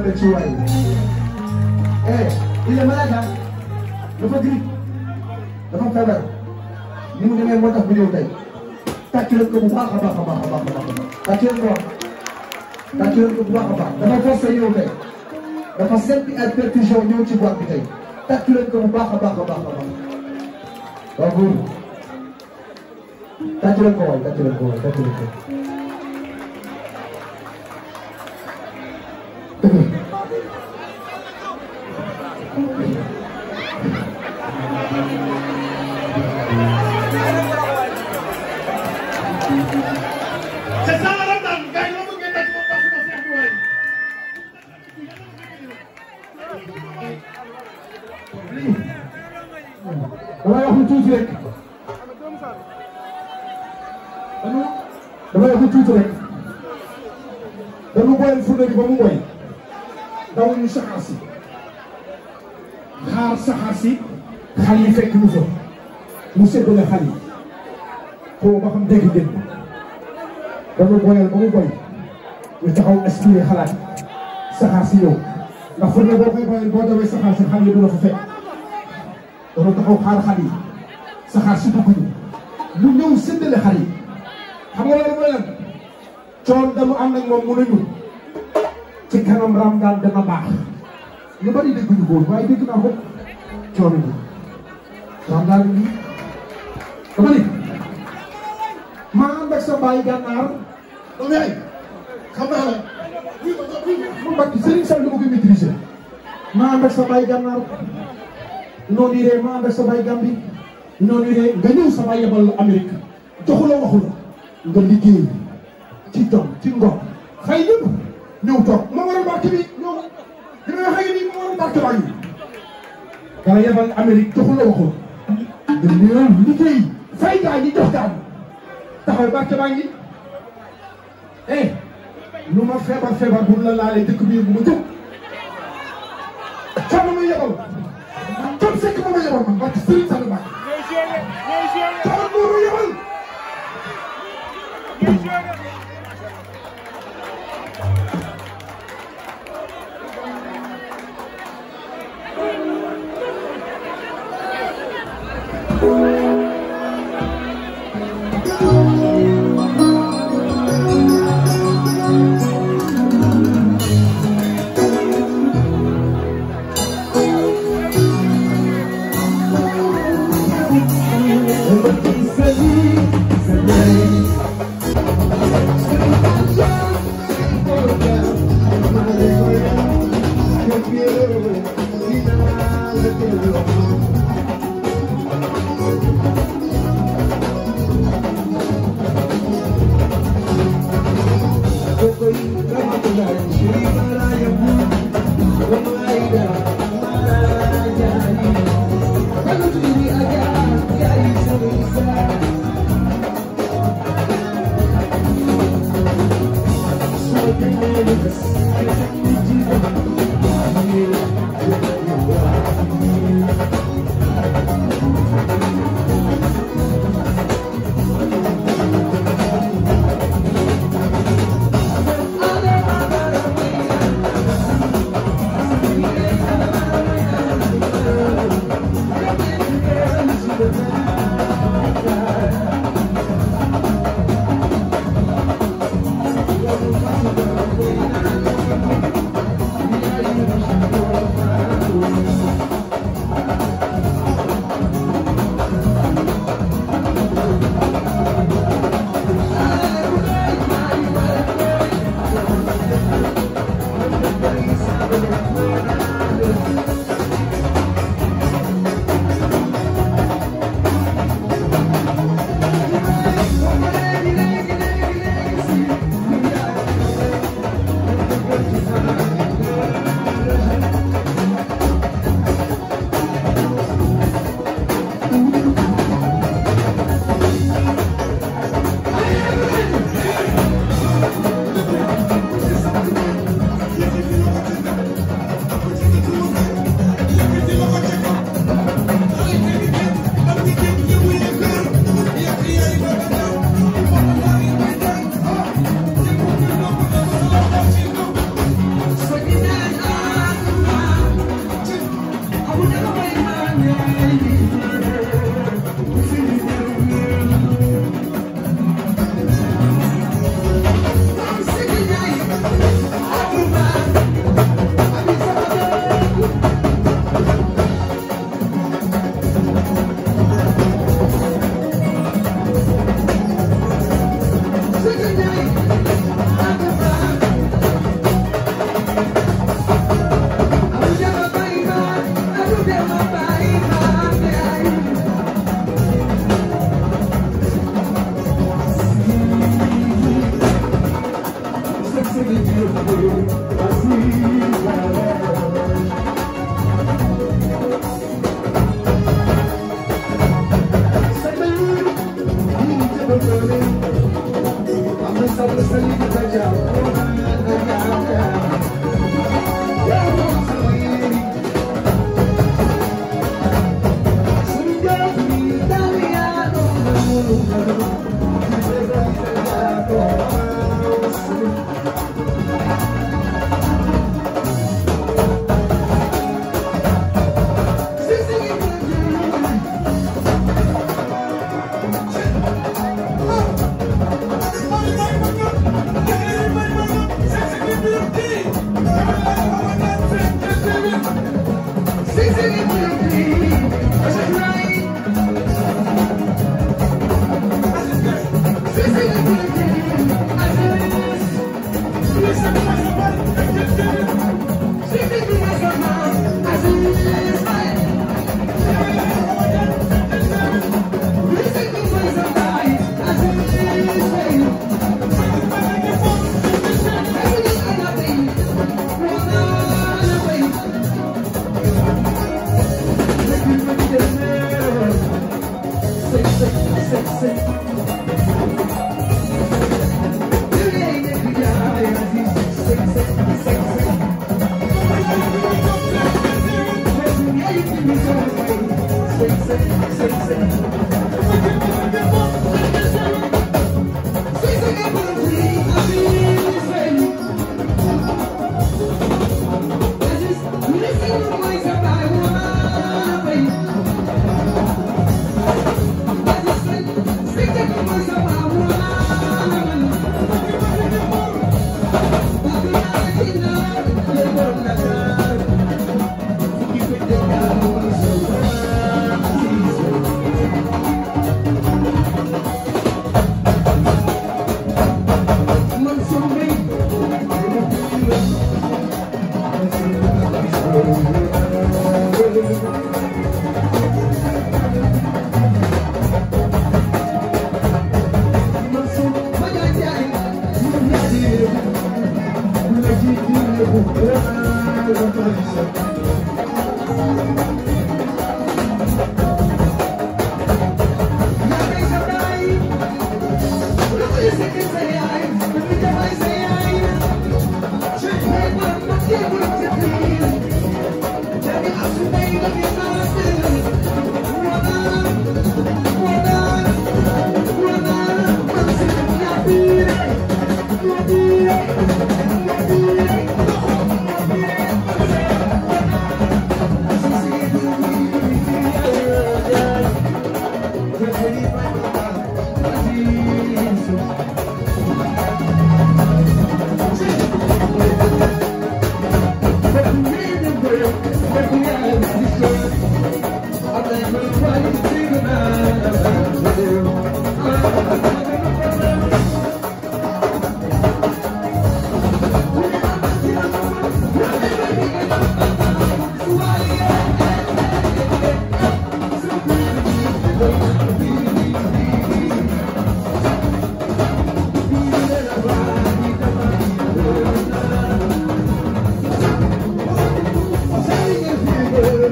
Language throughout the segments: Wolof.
lan la ci waay eh il est malade ah dafa grippe dafa feebar ni mu demee moo tax bu ñëw tey tàcc leen ko bu baax a baax a baax a baax a baax tàcc leen ko tàcc leen ko bu baax a baax dafa forcé ñëw tey dafa seppi ay percussion ñëw ci boîte bi tey tàcc leen ko bu baax a baax a baax a baax waaw góor tàcc leen ko waay tàcc leen ko waay tàcc leen ko damay wax lu tuuti rek damay wax lu mu boy daw saxaar si xaar saxaar si xal fekk ñu fa mu séddale xal koo ba xam dégg ngeen dañu boyal ba mu boy ñu taxaw aspiré xalaat saxaar si yow ndax furne boo koy boyal boo dawee saxaar si xal yi du la dafa taxaw xaar xar yi saxaar si dugg ñu mu ñëw séddale xar yi xam nga loolu mooy lan coon dañu ànd ak moom mu ci kanam ram daal dana baax lu bari dégg ñu góor waaye dégg naa ko coon bi ram daal ñu dama ni maa ànd ak sa bàyyi gànnaar dama yaay xam naa la mu mbakki Serigne Sall dama koy maîtriser maa sa bàyyi gànnaar nooniree ma ànd ak sa baay Gambie nooniree nga ñëw sa yebal la Amérique joxula nga liggéey ci jom ci ngor xëy ñëpp ñëw toog ma war a barke bi ñëw li may waxee nii ma war a barke baa ngi dala yebal Amérique joxula waxula nga ñëw fay gaa ñi jox gaa ñi taxaw barke eh, lu ma feebar feebar bu la laalee dëkk bi bu ma jóg Cheikh Oumar Mbacke Serigne Saliou Mbacke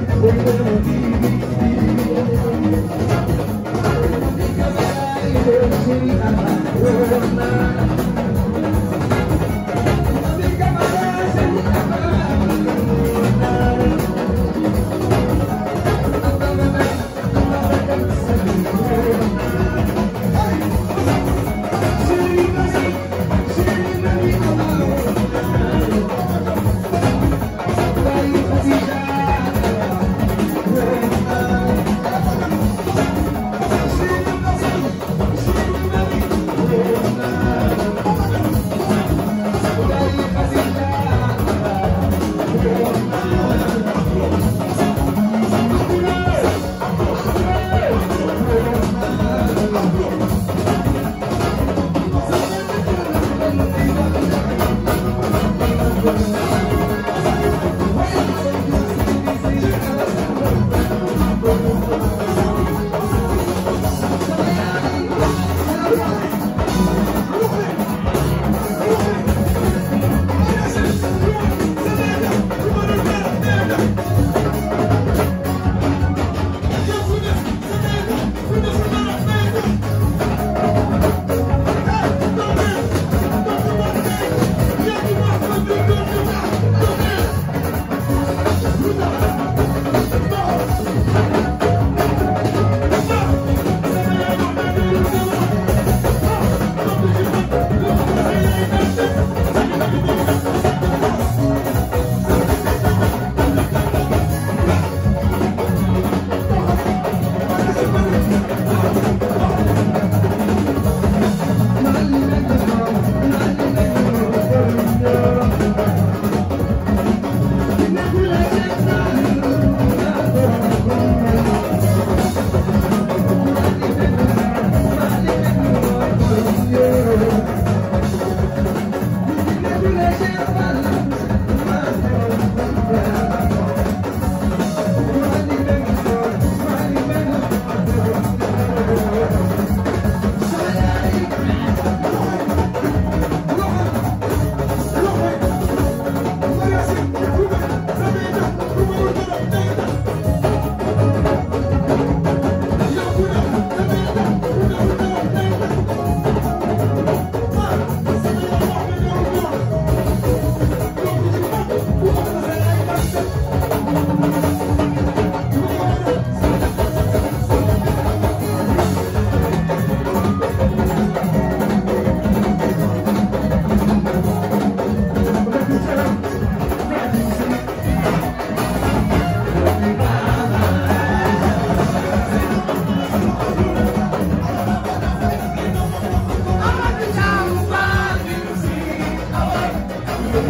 Thank you.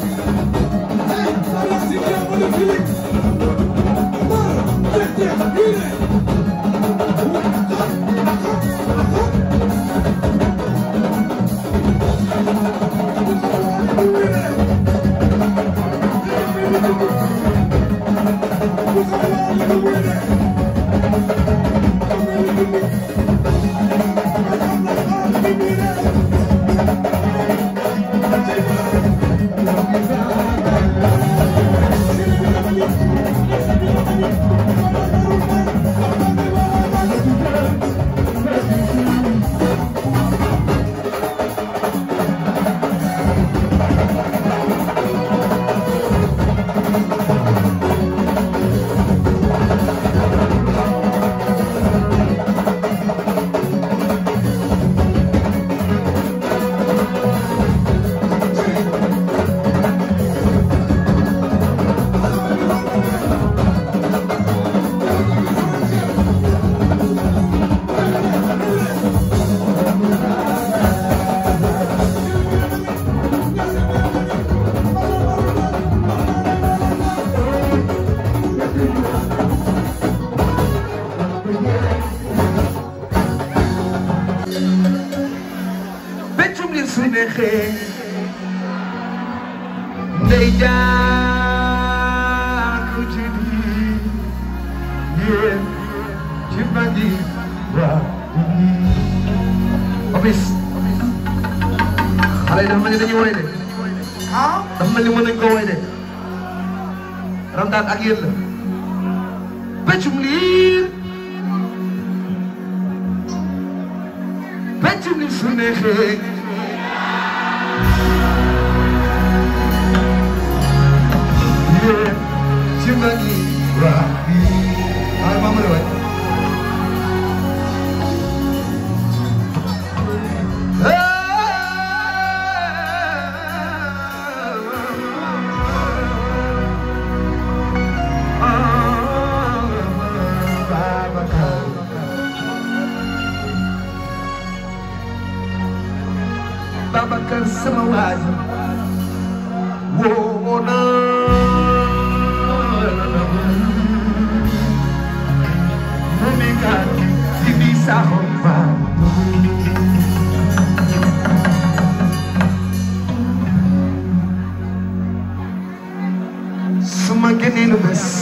Hey, I'm a feeling. Tiffany Papis xale yi dafa mel ni dañuy woy de ah dafa mel ni mën nañu ko woy de ramdaan ak yéen la peccum liir peccum su neexee yéen Babacar sama waay woo na mu nekkaat oh, ci biir saxoon suma gëneelu bés